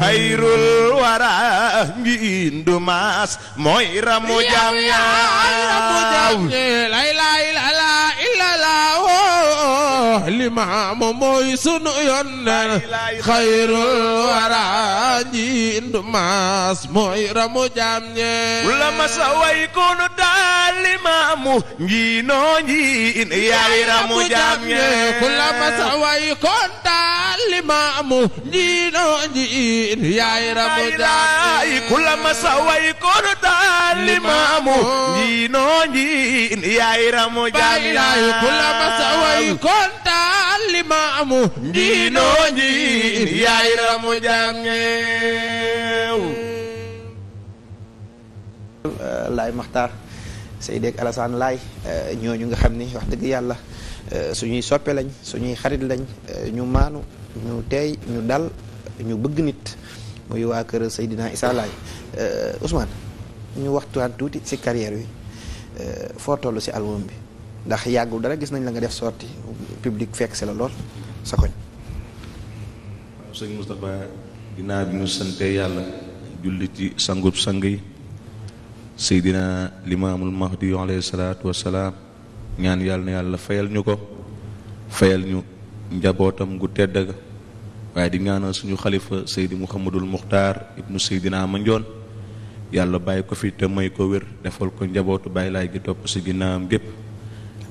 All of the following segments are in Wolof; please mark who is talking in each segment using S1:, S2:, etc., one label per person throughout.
S1: hayrul wara mbindu maas mooy ramu jam yaa lay lay la la illa la limaamu mooy sunu yonent xayrul waraa njiindu maas mooy ramu jaam ñee la masa way kunu daal limaamu njiinoo njiin yaay ramu la masa way kun daal limaamu njiinoo njiin yaay ku la masa way kunu daal limaamu njiinoo njiin yaay ku la masa way kun taali maamu ndiinoo njiin yaay ramu
S2: jàngeew euh, laay maxtaar Seydi ak Alassane laay euh, ñooñu nga xam ni wax dëgg yàlla euh, suñuy soppe lañ suñuy xarit lañ ñu maanu ñu teey ñu dal ñu bëgg nit muy waa kër Seydina Issa Laay Ousmane ñu waxtaan tuuti ci carrière bi foo toll ci album bi ndax yàggul dara gis nañ la nga def sorti publique fekk si la lool sa koñ. waaw
S3: bi ñu sante yàlla julli ci sangub sang yi Seydina Limaamul Mahdi alayhi salaam ñaan yàlla na yàlla fayal ñu ko fayal ñu njabootam gu tedd ga waaye di ñaanal suñu xalifa Seydi Mouhamadul Muxtaar ibnu ma Mandione yàlla bàyyi ko fi te may ko wér defal ko njabootu bàyyi lay gi topp si ginnaawam gépp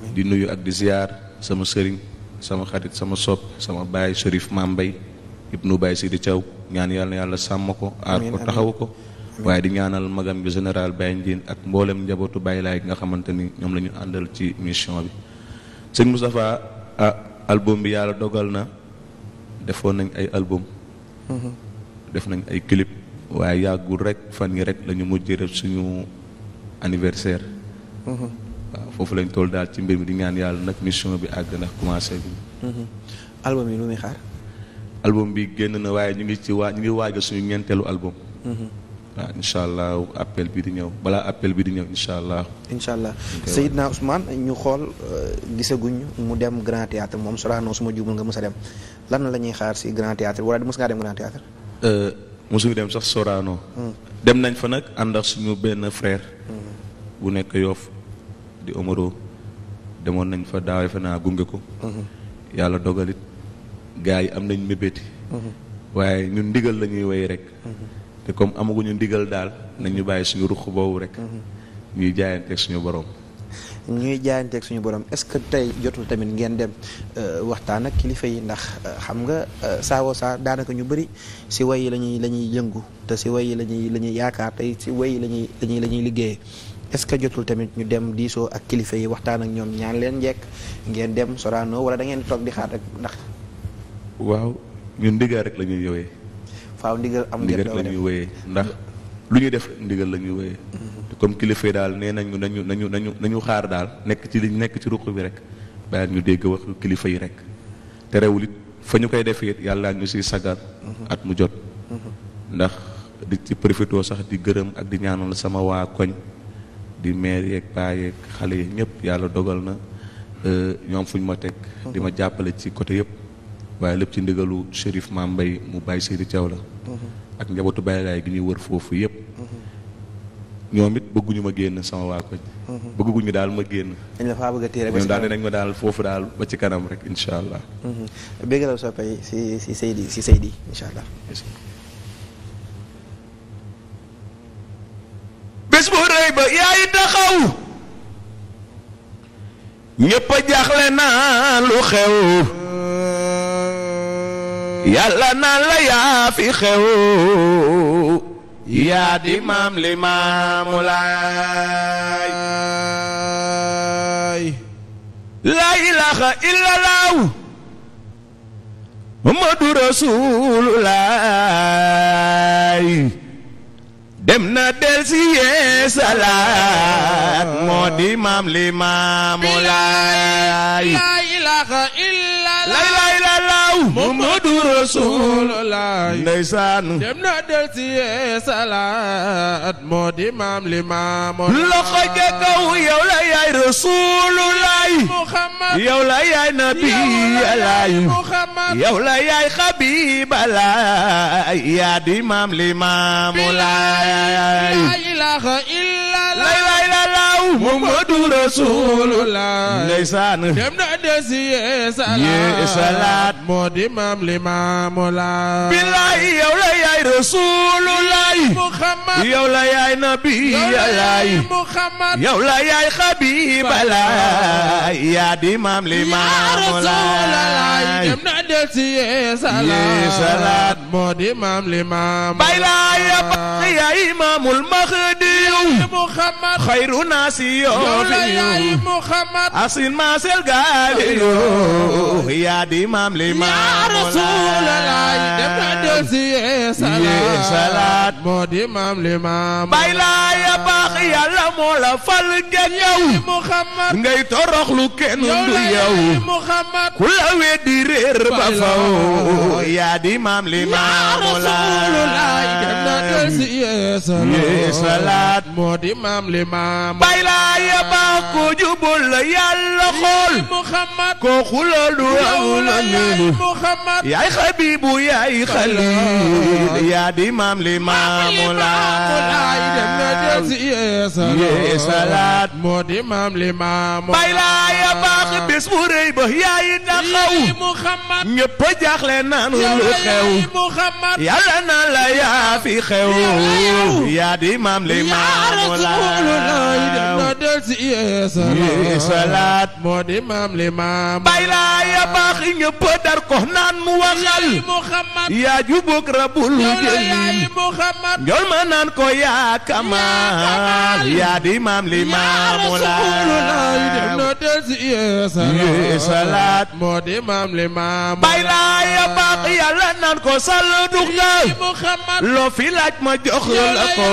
S3: di nuyu ak di ziar sama sëriñ sama xarit sama sopp sama baay Chérif nu ibnu si di Thiaw ñaan yàlla na yàlla sàmm ko aar ko taxaw ko waaye di ñaanal magam bi général Baye Ndiène ak mboolem njabootu Baye Laay nga xamante ni ñoom la ñu àndal ci mission bi sëñ Moustapha ah album bi yàlla dogal na defoon nañ ay album mhm. def nañ ay clip waaye yàggul rek fan yi rek lañu ñu mujjee suñu anniversaire mhm. waaw foofu lañ toll daal ci mbir mi di ñaan yàlla nag mission bi àgg ndax commencé
S2: bi mm-hmm. album yi lu muy xaar.
S3: album bi génn na waaye ñu ngi ci waa ñu ngi waajal suñu ñeenteelu album. Mm-hmm. waaw incha allah appel bi di ñëw balaa appel bi di ñëw incha allah.
S2: incha allah Seydina Ousmane ñu xool euh, gisaguñ mu dem Grand Théâtre moom Sorano suma jubul nga mës a dem lan la ñuy xaar si Grand Théâtre wala mës ngaa dem Grand Théâtre.
S3: Euh, mosuñu dem sax Sorano. Mm. dem nañ fa nag ànd ak suñu mm. nekk Yoff di Omaro demoon nañ fa daawee fa naa gunge ko. Mhm. yàlla dogalit gars yi am nañ mébéti. Mhm. waaye ñun ndigal lañuy ñuy woy rek. Mhm. te comme amaguñu ndigal daal nañ ñu bàyyi suñu ruq boobu rek. ñuy jaayanteeg suñu borom.
S2: ñuy jaayanteeg suñu borom est-ce que tey jotul tamit ngeen dem euh, waxtaan ak kilifa yi ndax euh, xam nga euh, saawoo saa daanaka ñu bëri si way yi la lañuy jëngu te si way yi la ñuy yaakaar tey si way yi lañuy ñuy la ñuy est-ce que jotul tamit ñu dem diisoo ak kilifa yi waxtaan ak ñoom ñaan leen njekk ngeen dem Sorano wala da ngeen di toog di xaar rek ndax.
S3: waaw ñun ndigal rek la ñuy yowee. faaw ndigal am ndigal ndax lu ñuy def ndigal la ñuy wéyee. comme mhm. kilifa yi daal nee nañu nañu nañu nañu nañu xaar daal nekk ci liñ nekk ci ruq bi rek bàyyi ñu dégg waxu kilifa yi rek te rewul it fa ñu koy defee yàlla ñu siy sagar mhm. at mu jot. Mhm. ndax di ci profité sax di gërëm ak di ñaanal sama waa koñ. di maire yeeg paa yeeg xale yi ñëpp yàlla dogal na euh, ñoom fu ñu ma teg. di ma jàppale ci côté yëpp. waaye lépp ci ndigalu Chérif Mame mbay mu bàyyi Seydi Thiaw la. Mhm. ak njabootu Baye Laay gi ñuy wër foofu yëpp. Mhm. ñoom it bëgguñu ma génn sama waa koñ. Mhm. bëgguñu daal ma génn. dañ la faa bëgg a téere ba ci daal dinañ ma daal foofu daal ba ci kanam rek incha
S2: allah. bëgg la soppay si si Seydi allah.
S1: bis bu rëy ba yaay taxaw ñépp lu xew yàlla naan la yaa fi xew yaa di maam li maamu laay laa ilaha illa laaw Muhammadu Rasulullaay dem na del si yee salaat moo di maam li maamu laay waaw Muhammadu Rasulullah ndeysaan dem na del si yee salaat moo di maam li maamoon loxo ja kaw yow la
S2: la yaay nabi
S1: alaay yow Muhammadu Rasulullah ndeysaan dem na desi yee salaat moo di maam li maamu laay billaay yow la yaay Rasulullah Muhammad yow la yaay nabi yalaay Muhammad yow la yaay xabibalaay yaa di maam li maamu laay dem na desi yee salaat moo di maam li maamu laay bay laay yaay imaamul mahdi yow Muhammad xayru naas yooyu muhammad asin maasel gaaliyo yaa di maam e li maam yaa rasuulallah dem na doosi yee salaat moo di maam li maam bay laa ya baax yàlla moo la fal ngeen yow muhammad ngay toroxlu kenn du yow muhammad ku la weddi réer ba faw yaa di maam e li maam yaa rasuulallah dem na doosi yee salaat moo di maam li maam laa yabaax ko jubul la yàlla xool ko xulal du raw la ñunu yaay xabibu yaay xaliil yaa di maam li maamu laay dem na jël si yee salaat moo di maam li maamu bay laa yabaax bés bu rëy ba yaay taxaw ñëpp jaaxle naanu lu xew yàlla na la yaa fi xew yaa di maam li maamu laay na del si salaat moo di maam bay laa ya baax i ñëpp naan ma naan ko yaa kamaal salaat moo ya baax ko loo fi ma jox la ko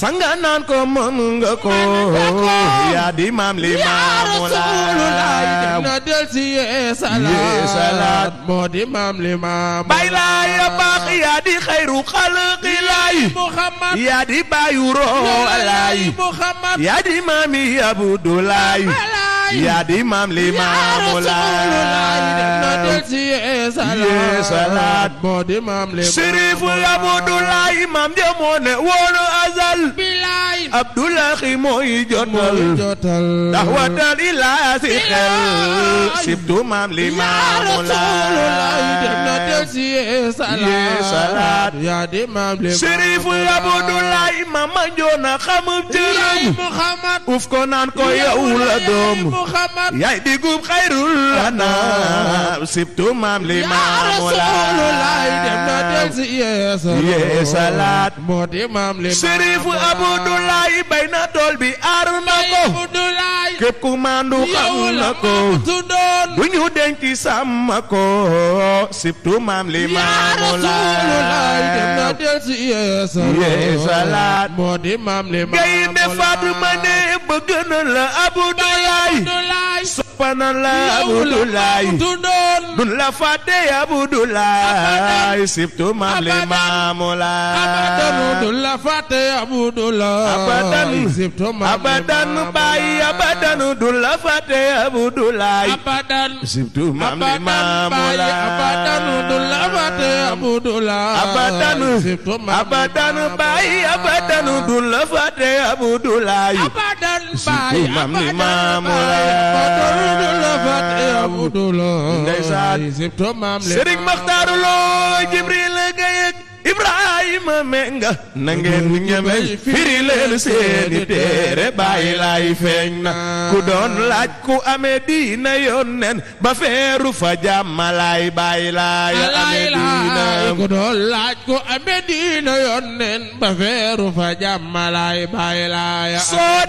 S1: sanga naan ko mën nga ko yaa di maam li maamu laay na del si yee salaat moo di maam li maamu bay laay ya baax yaa di xayru xalqi laay muhammad yaa di bàyyu roo laay yaa di maami abdu laay yaa di maam li maamu laay yee salaat moo di maam li sirifu Abdoulaye maam ja moo ne woonu azal bilaay Abdoulaye mooy jotal ndax watal ilaa si xel sibtu maam li maamu laay yee salaat yaa di maam li sirifu Abdoulaye maam ma joona xamub jërëm uf ko naan ko yow la doom muhammad yaay digum xayrul ana sibtu maam li maamulaay dem na del si yee tool bi aar na ko képp ku maandu na ko du ñu denc sàmm ko sibtu maam li maamulaay dem na del si ne bëgg na la abudulaay Abdoulaye soppanan la Abdoulaye dun la fàtte Abdoulaye siptu mam li maamulaay abadan dun la fàtte Abdoulaye abadan siptu mam abadan bàyyi abadan dun la fàtte Abdoulaye abadan siptu mam li maamulaay abadan dun la fàtte Abdoulaye abadan siptu mam abadan bàyyi abadan dun la fàtte Abdoulaye abadan bàyyi abadan ndeysaan Sëriñ Maxtaaru Lo Jibril Gaye Ibrahima li ma menga na ngeen ñemey seeni téere bàyyi laay ku doon laaj ku amee diina yoon ba feeru fa jàmma laay bàyyi diina ku ba feeru fa jàmma laay bàyyi laay soo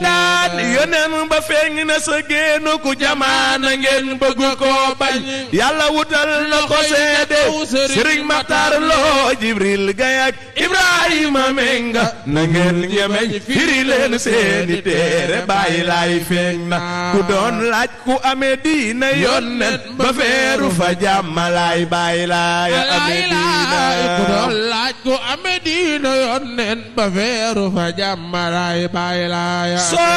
S1: ba feeñ na ku jamaana ngeen bëggu koo bañ yàlla wutal na ko seede sëriñ Maxtaar loo Jibril Gaye Ibrahima menga na ngeen yemeñ firi leen seeni téere bàyyi laay feeñ na ku doon laaj ku amee diina yonent ba feeru ba feeru fa jàmm laay bàyyi laay soo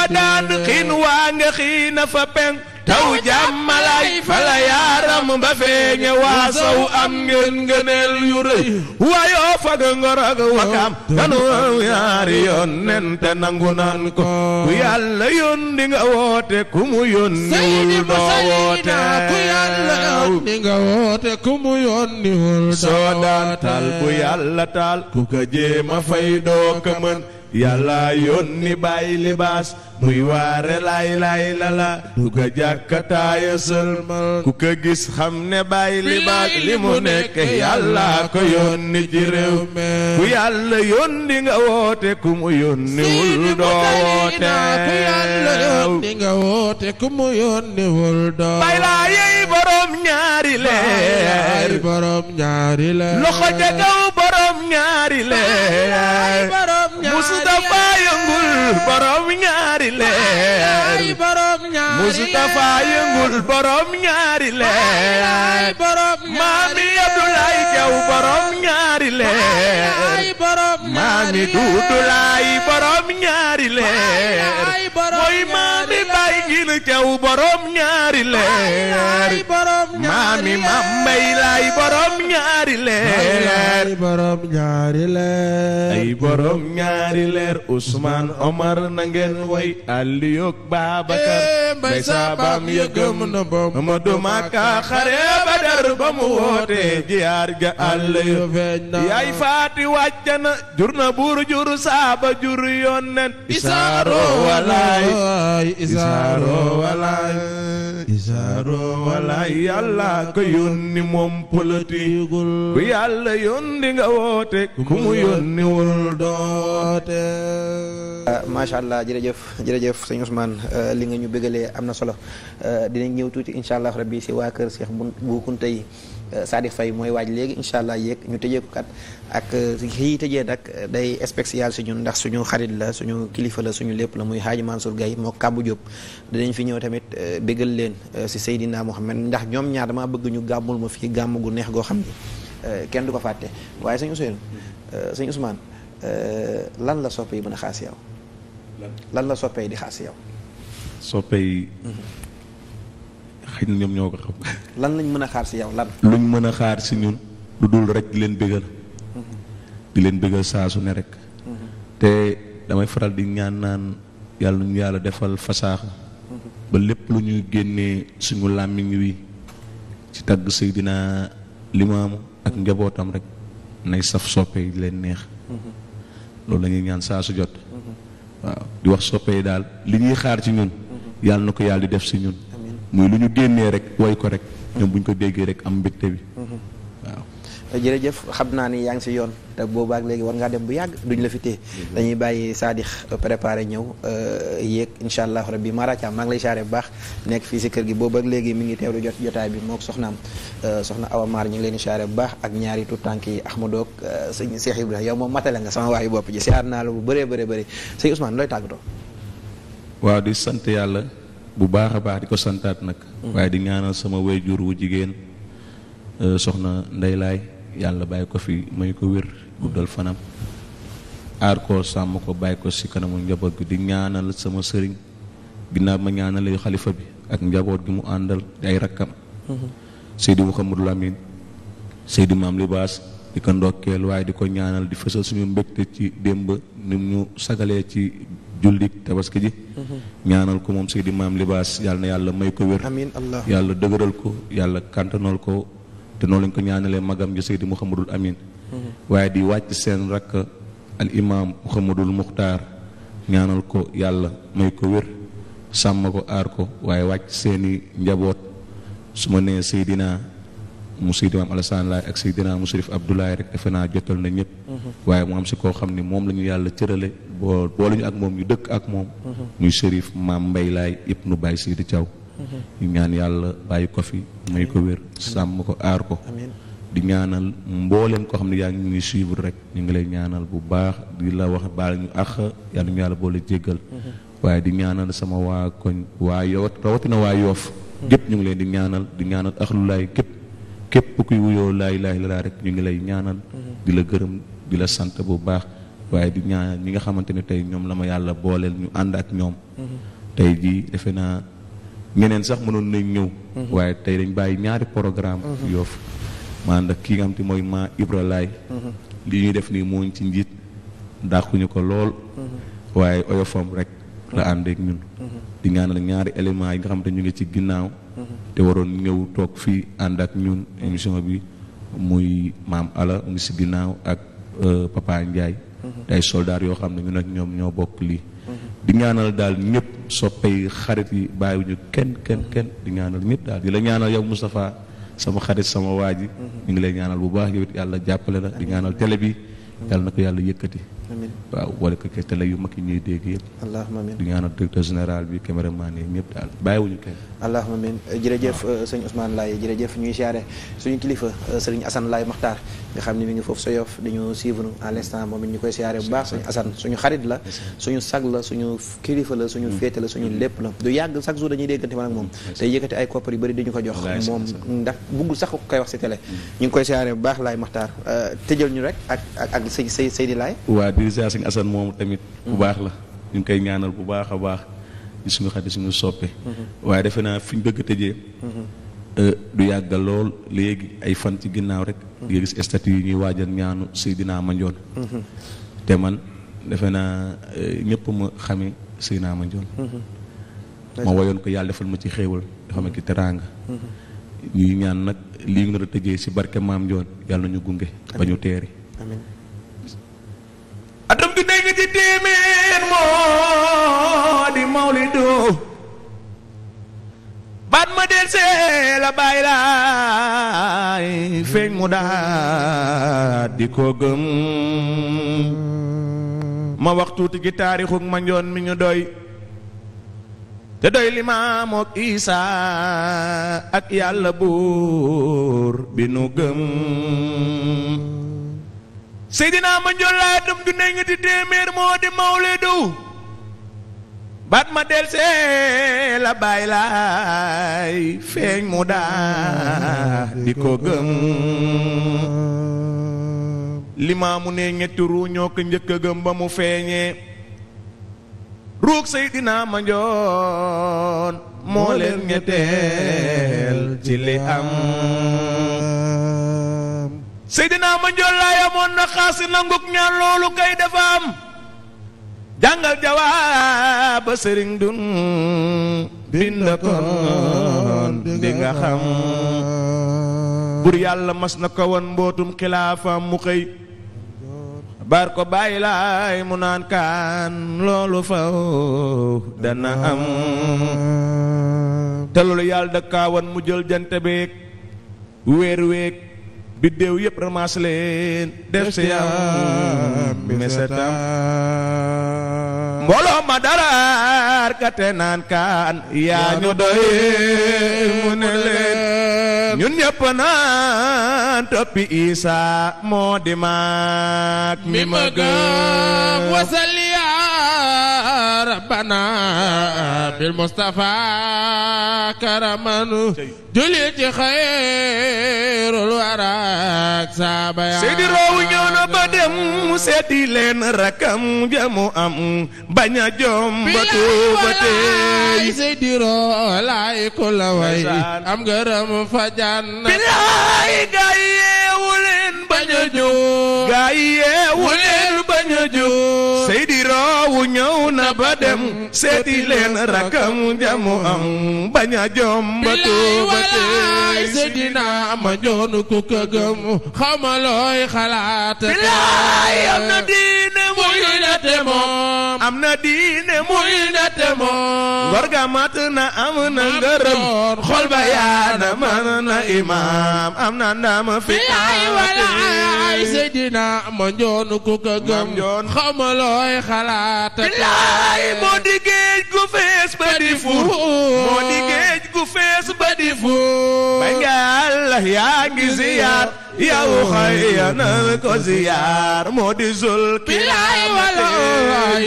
S1: xiin waa nga xiina fa penk taw jàmmalaay fala yaaram ba feeñe waasaw am ngeen ngëneel yu rëy wayoo fag ngorog wakaam kanu yaari yoon nente nangu naan ko ku yàlla yónni nga woote ku mu yónniwul doo woote ku yàlla ku mu yónniwul ku ka fay doo ka yàlla yónni bàyyi libaas muy waare lay lay la la du ko jàkkataaya ku ko gis xam ne bàyyi libaas li mu nekk yàlla ko yónni ci réew mi ku yàlla yónni nga woote ku mu yónni wul doo woote ku yey borom ñaari leer borom ñaari leer loxo ñaari leer Mustafa yëngul borom borom ñaari leer maami Abdoulaay Jaw borom ñaari leer maami Duudulaay borom borom ñaari leer maami Mambay Laay borom ñaari leer leer ay borom ñaari leer ay na ngeen way Aliou Babacar eh, mbay saabaam yëgëm na bopp Amadou Maka xare Badar ba mu woote jiyaar ga Aliou feeñ na yaay faati wàcca na jur na buur jur saaba jur yonent isaaro walaay isaaro walaay isaaro walaay yàlla ko yónni moom politigul bu
S2: yónni nga woote ku mu yónni ah, macha allah jërëjëf jërëjëf sëñ Ousmane ah, li nga ñu bëggalee am na solo ah, dinañ ñëw tuuti incha allah rabbi si waa kër seex bu Kunta yi Sadi Faye mooy waaj léegi incha allah yéeg ñu tëjee kat ak kii tëjee nag day spécial si ñun ndax suñu xarit la suñu kilifa la suñu lépp la muy Hadji Mansour gay moo kàbbu Diop dinañ fi ñëw tamit bégal leen si Seydina Mohamed ndax ñoom ñaar dama bëgg ñu gàmmul ma fii gàmm gu neex goo xam Eh, kenn du ko fàtte waaye sëñ Ousseynou eh, eh, lan la soppe yi mën a la soppe di xaas yow
S3: soppe yi mhm. xëy na ñoom ñoo
S2: lan lañ mën a xaar si yow lan
S3: luñ mën a xaar si ñun lu dul rek di leen bëggal
S2: mhm.
S3: di leen bëggal saa su ne rek mhm. te damay faral di ñaan naan yàlla ñu yàlla defal fasaaxa ba lépp lu ñuy génnee suñu làmmiñ wi ci tagg Seydina Limaamu ak njabootam rek nay saf soppe yi leen neex loolu la ñaan saa su jot waaw di wax soppe yi daal li ñuy xaar ci ñun yàlla na ko yàlla di def si ñun muy lu ñu génnee rek woy ko rek ñoom bu ñu ko déggee rek am mbégte bi
S2: jërëjëf xam naa ni yaa ngi si yoon te boobaak léegi war ngaa dem bu yàgg duñ la fi téye mhm. dañuy bàyyi Sadikh préparé ñëw euh, yéeg incha allah rabbi Mara Thiam lay saare bu baax nekk fii si kër gi boobaak léegi mi ngi teewlu jot jotaay bi mook soxnaam euh, soxna Awa Mar ñu ngi leen bu baax ak ñaari tout tànk yi Ahmadou ak euh, sëñ Cheikh Ibrahima yow moom matale nga sama waayu bopp ji siyaar naa la bu bëree bëree bëri sëñ Ousmane looy tàggatoo
S3: di sant yàlla bu baax a baax di ko santaat nag mhm. waaye di ñaanal sama wayjur wu jigéen soxna ndeylaay yàlla bàyyi ko fi may ko wér guddal fanam aar ko sàmm ko bàyyi ko si kanamu njaboot gi di ñaanal sama sëriñ ginnaaw ma ñaanalee xalifa bi ak njaboot gi mu àndal di ay rakkam mhm. Seydi Mouhamadou Lamine Seydi Maam Libaas di ko ndokkeel waaye di ko ñaanal di fësal suñu mbégte ci démb ni ñu sagalee ci jullit tabaski ji mhm. ñaanal ko moom Seydi Maam Libaas yàlla yàlla may ko wér yàlla dëgëral ko yàlla kàntanal ko te noonu lañ ko ñaanalee magam ju Seydi Mouhamadul Amin waaye di wàcc seen rakk al imaam Mouhamadul Muxtaar ñaanal ko yàlla may ko wér sàmm ko aar ko waaye wàcc seeni njaboot su ma nee Seydina mu Seydina Maam Alassane Laay ak Seydina mu Serif Abdoulaye rek defe naa jotal na ñëpp waaye mu am si koo xam ni moom lañu yàlla cërale boo boole ñu ak moom ñu dëkk ak moom ñuy Serif Maam Mbay Laay ibnu Baay Seydi caw ñu ñaan yàlla bàyyi ko fi may ko wér sàmm ko aar ko di ñaanal mbooleem koo xam ne yaa ngi ñuy suivre rek ñu ngi lay ñaanal bu baax di la wax baal ñu àq yàlla ñu yàlla boole jéggal waaye di ñaanal sama waa koñ waa yow rawatina waa yoof hmm. gépp ñu ngi leen di ñaanal di ñaanal axlu laay képp képp kuy wuyoo laay laay la ñu ngi lay ñaanal hmm. di la gërëm di la sant bu baax waaye di ñaanal ñi nga xamante ne tey ñoom la ma yàlla booleel ñu ànd ak ñoom hmm. tey ji defe naa ñeneen sax mënoon nañ ñëw. Mhm. waaye tey dañ bàyyi ñaari programme mhm. yoof maa ànd ak ki nga xam te mooy maa Ibra Laay mhm. li ñuy def nii mooñ ci njiit dàquñu ko lool. waaye oyofam rek la ànd ak ñun. di ñaanal ñaari éléments yi nga xam te ñu ngi ci ginnaaw. te waroon ñëw toog fii ànd ak ñun émission bi muy maam Ala mu ngi si ginnaaw ak euh, Papa Ndiaye. te ay soldats yoo xam ne ñun ak ñoom ñoo bokk lii. di ñaanal daal ñëpp soppey xarit yi bàyyiwuñu kenn kenn kenn di ñaanal ñëpp daal di la ñaanal yow Moustapha sama xarit sama waa ji mm-hmm. ñu ngi lay ñaanal bu baax yow it yàlla jàppale la di ñaanal télé bi mm-hmm. yàlla na ko yàlla yëkkati amiin waaw wala que que télé yu mag yi ñuy dégg yëpp. allahumma amiin di ñaanal directeur général bi caméraman yi ñëpp daal bàyyiwuñu kenn.
S2: allahumma amiin jërëjëf euh, sëñ Ousmane Laye jërëjëf ñuy siyaare suñu kilifa euh, sëriñ Assane Laye Makhtar nga xam ne mi ngi foofu sa yof di ñu suivre à l'instant moom it ñu koy siyaare bu baax suñu Assane suñu xarit la. suñu sag la suñu kilifa la suñu mm. féete la suñu mm. lépp la du yàgg chaque jour dañuy déggante man ak moom. te yëkkati ay koppar yu bëri
S3: di biir Zassine Assane moomu tamit. bu baax la ñu ngi koy ñaanal bu baax a baax di suñu xarit suñu soppe. Mm-hmm. waaye defe naa fi ñu bëgg a tëjee. Mm-hmm. Euh, du yàgg lool léegi ay fan ci ginnaaw rek. Mm-hmm. di nga gis yi ñuy waajal ñaanu si Seydina Mandione. te man defe naa euh, ñëpp ma xamee Seydina Mandione. ma woyoon ko yàlla defal ma ci xéewal dafa ma ci teraanga. ñuy ñaan nag lii nga doon tëjee si barke maam Ndione yàlla na ñu gunge. ba ñu teeri
S1: nga ci téeméer moo di mawlidu baat ma del la bàyyi laay feeñ mu daat di ko gëm ma wax tuuti gi taarixuk ma njoon mi ñu doy te doy limaam ak isa ak yàlla buur
S3: bi nu gëm
S1: Seydina ma njollaay dum du ne nga di téeméer moo di mawleedu baat ma delsee la bàyyi laay feeñ mu daa di ko gëm limaamu ne ñetti ruu ko njëkk gëm ba mu feeñee ruug Seydina ma njoon moo leen ñetteel ci li am Seydina Mandione Laye amoon na xaasi nanguk ñaan loolu kay dafa am jàngal jawaab ba sëriñ dun bind koon xam bur yàlla mas na ko woon mbootum xilaafam mu xëy bar ko bàyyi laay mu naan kaan loolu faw dana am
S3: te loolu yàlla da mu jël jant beeg weer weeg biddéew yëpp ramasse leen def si yam
S1: misetam mbooloo ma daraar ka te naan kaan yaa ñu doy mu ne leen ñun ñëpp naan toppi Isa moo di maag mi ma gëm يا ربنا بالمصطفى كرما جليت خير الورى سابا يا سيدي روي نيونا بدم سيدي لين ركم جمو ام بانيا جوم باتو باتي سيدي رو لاي كل واي ام غرم فجان بلاي غاي ولين بانيا جو غاي ولين بانيا جو ñëw na ba dem seeti leen rakam jamu am bañ a jom ba tuuba tey Seydina ma joonu ku ko gëm xamalooy xalaat bilaay am na di muy nete moom am na diine muy nete moom ngor ga mat na am na ngërëm xol ba yaana man na imaam am na ndam fi ay wala ay seydina ma njoonu ku ko gëm xawma looy xalaat bilaay moo di géej gu fees ba di fur moo di géej gu fees ba sifu bangal yaa ngi ziyaar yaw xayanal
S3: ko ziyaar
S1: moo di zul kilaay walaay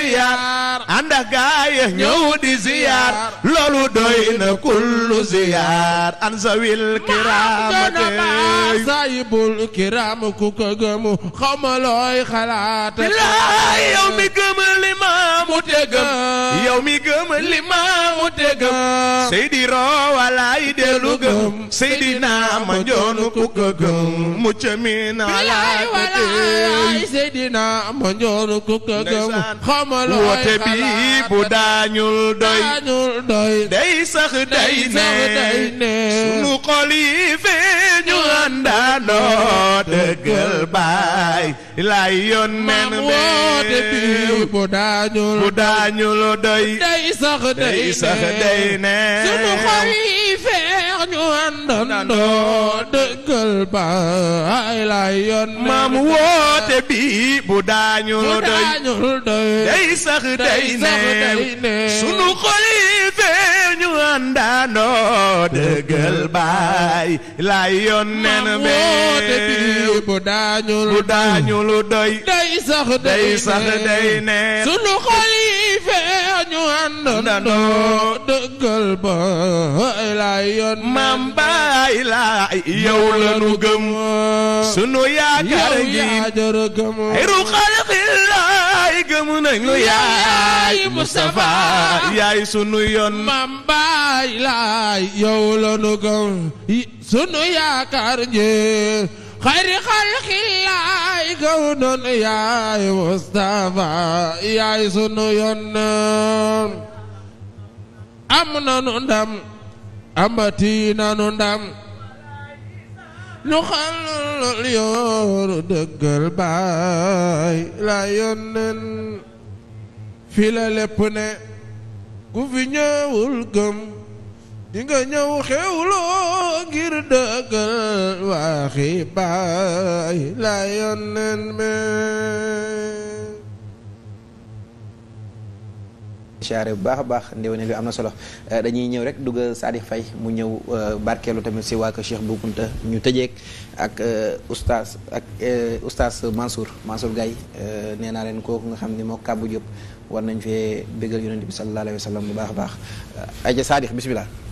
S1: ziyaar ànd mi gëm li maamu te gëm yow mi gëm gëm seydi roowalaay ma njoonu ku ko gëm mucc min alaay tey seydina ma njoonu ku ko gëm woote bi bu daañul doy day sax day ne sunu xol yi feeñu àndaandoo dëggal baay lay yoon nen bi woote bi bu daañul doy day sax day ne sunu xol ñu àndandoo dëggal baay lay yoon maam woote bi bu daañul doy day sax day ne sunu xol yi fee ñu àndandoo dëggal baay lay yoon nen be woote bi bu daañul doy day sax day ne sunu xol yi fee ñu àndandoo dëkkal ba ilaay yow la nu gëm sunu yaakaar gi xayru xalqillaay gëm nañu yaay Mustafa yaay sunu yoon maam ba ilaay am nanu ndam amati nanu ndam ñu xalul yoonu dëggal baay la yónneen fii la lépp ne ku fi ñëwul gëm dinga ñëw xewloo ngir dëggal
S2: waxi baay la yónneen me siyaare bu baax a baax ndéwénal bi am na solo eh, dañuy ñëw rek dugg Sadikh fay mu ñëw eh, barkeelu tamit si waa ko Cheikh Bou ñu tëjeek ak eh, oustaz ak oustaz Mansour Mansour Gaye nee naa leen kooku nga xam ni moo kàbbu jëpp war nañ fee bégal yonent bi sallallahu alayhi wa sallam bu baax a baax aja Sadikh bismillah